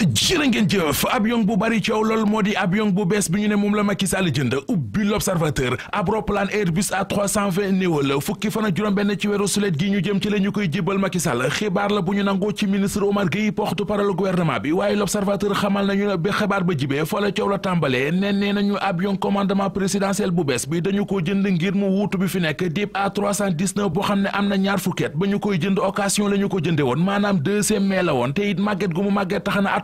jërë jënd a ngir mu wuutu bi fi nekk dip A319 boo xam ne am na ñaar fukkeet ba ñu koy jënd occasion la ko jënde woon maanaam deuxième mai la woon te it màgget gu mu màgget tax na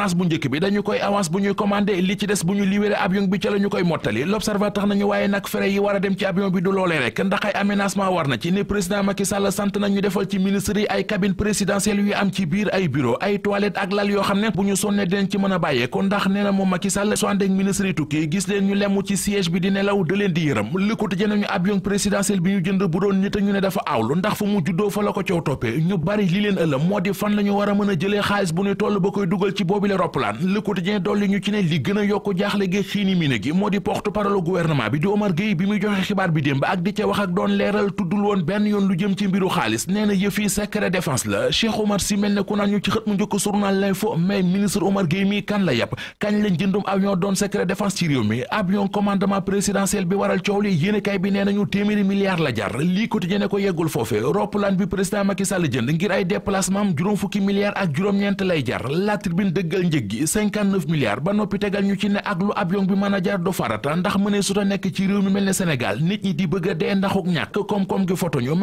atum njëkk bi dañu koy avance bu ñuy commandé li ci des bu ñu libéré avion bi ci la koy mottali l'observateur nañu waaye nag frais yi war a dem ci avion bi du loolee rek ndax ay aménagement war na ci ne président Macky sant nañu defal ci ministre yi ay cabine présidentielle yu am ci biir ay bureau ay toilette ak lal yoo xam ne bu ñu sonnee dinañ ci mën a bàyyeeko ndax nee na moom Macky Sall ànd ak ministre yi tukki gis leen ñu lemu ci siège bi di nelaw da leen di yërëm Le Quotidien nañu avion présidentiel bi ñu jënd bu doon nit a ñu ne dafa aawlu ndax fu mu juddoo fa la ko coow toppee ñu bari li leen ëllëm moo di fan la ñu war a mën a jëlee xaalis bu ñu toll ba koy dugal ci boobi la roppalaan Le Quotidien dolli ñu ci ne li gën a yokk jaaxle gi xiini mine gi moo di porte-parole gouvernement bi di Omar Gueye bi muy joxe xibaar bi démb ak di ca wax ak doon leeral tuddul woon benn yoon lu jëm ci mbiru xaalis nee na yëf yi secret la Cheikh Omar Sy mel ne ku naan ñu ci xët mu njëkk journal L'Info mi kan la yàpp kañ lañ jëndum avion doon secret défense ci réew mi avion commandement présidentiel bi waral coow li yéenekaay bi nee nañu téeméeri milliards la jar lii quotidien ne ko yeggul foofe roppalaan bi président Macky Sall jënd ngir ay déplacement juróom fukki milliards ak juróom-ñeent lay jar la tribune dëggal njëg gi 59 ba noppi tegal ñu ci ne ak lu avion bi mën a farata ndax mënee suta nekk ci réew mi mel ne Sénégal nit ñi di bëgg dee ndaxuk ñàkk koom-koom gi foto ñu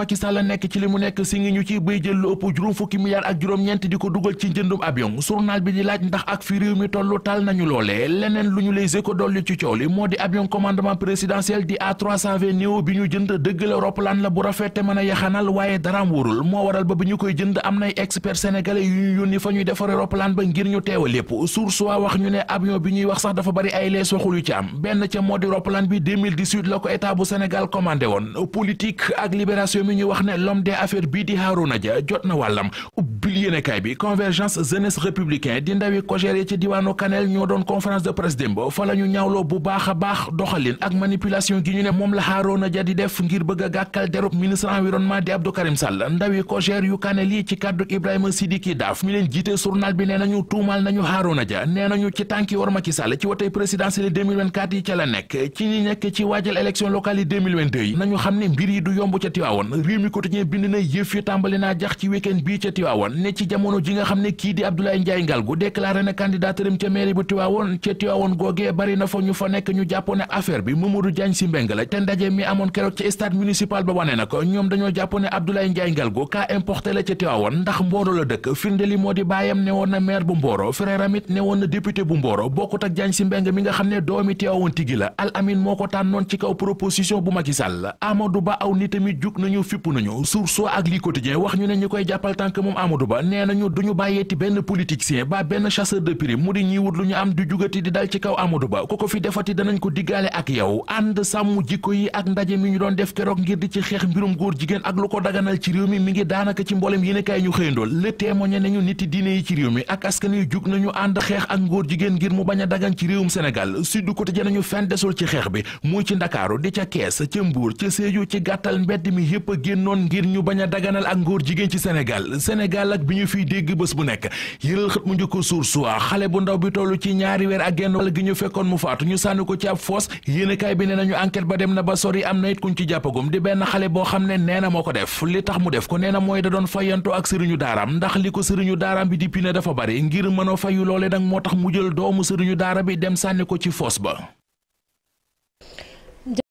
lu ñu Les Échos dolli ci coow li moo di a bi ñu jënd dëgg la la bu rafet te mën a yaxanal waaye daraam wóorul moo waral ba bi ñu koy jënd am nay expert sénégalais yu ñu yónni fa ñuy defare roppalaan ba ngir ñu teewa lépp source waa wax ñu ne avion bi ñuy wax sax dafa bari ay lees waxul yu ci benn ca moo di bi la ko état bu Sénégal commandé woon politique ak libération mi ñu wax ne l'homme des affaires bii di Harouna Dia jot na démb fa la ñu ñaawloo bu baax a baax doxalin ak manipulation gi ñu ne moom la Harouna Dia di def ngir bëgg a gàkkal derub ministre environnement di Abdou Karim Sall ndawi COJER yu kane lii ci kaddu Ibrahima Sidiki Daaf mi leen jiite journal bi nee nañu tuumal nañu Harouna Dia nee nañu ci tànki war Macky Sall ci watey présidentielle 2024 yi ca la nekk ci ñi nekk ci waajal élection locale yi nañu xam ne mbir yi du yomb ca Tiwaawoon réew mi quotidien bind na amoon googee bari na fa ñu fa nekk ñu jàpp ne affaire bi Mamadou Diagne Sy Mbengue la te ndaje mi amoon keroog ci stade municipal ba wane na ko ñoom dañoo jàpp ne Abdoulaye Ndiaye Ngalgou cas la ci Tivaouane ndax Mboro la dëkk firnde li moo di baayam ne woon na maire bu Mboro frère amit ne woon na député bu Mboro bokkut ak Diagne Sy Mbengue mi nga xam ne doomi Tivaouane tigi la Al Amine moo ko tànnoon ci kaw proposition bu Macky Sall Ba aw ni A ci kaw Amadou Ba ko fi defati danañ ko diggaale ak yow ànd sàmm jikko yi ak ndaje mi ñu doon def keroog ngir di ci xeex mbirum góor jigéen ak lu ko daganal ci réew mi mi ngi daanaka ci mboolem yéen kaay ñu xëyandool le témoigné nañu niti diine yi ci réew mi ak askan yu jug nañu ànd xeex ak ngóor jigéen ngir mu bañ a dagan ci réewum Sénégal Sud Quotidien nañu fenn desul ci xeex bi muy ci Ndakaaru di ca Kees ca Mbuur ca Sédhiou ci gàttal mbedd mi yépp a génnoon ngir ñu bañ a daganal ak ngóor jigéen ci Sénégal Sénégal ak bi ñu fiy dégg bés bu nekk yëral xët mu njëkk ndaw bi Sall gi ñu fekkoon mu faatu ñu sànni ko ci ab foos yéenekaay bi ne nañu enquête ba dem na ba sori am na it kuñ ci jàppagum di benn xale boo xam ne nee na moo ko def li tax mu def ko nee na mooy da doon fayanto ak sëriñu daaraam ndax li ko sëriñu daaraam bi di pine dafa bari ngir mën a fayu loole nag moo tax mu jël doomu sëriñu daara bi dem sànni ko ci foos ba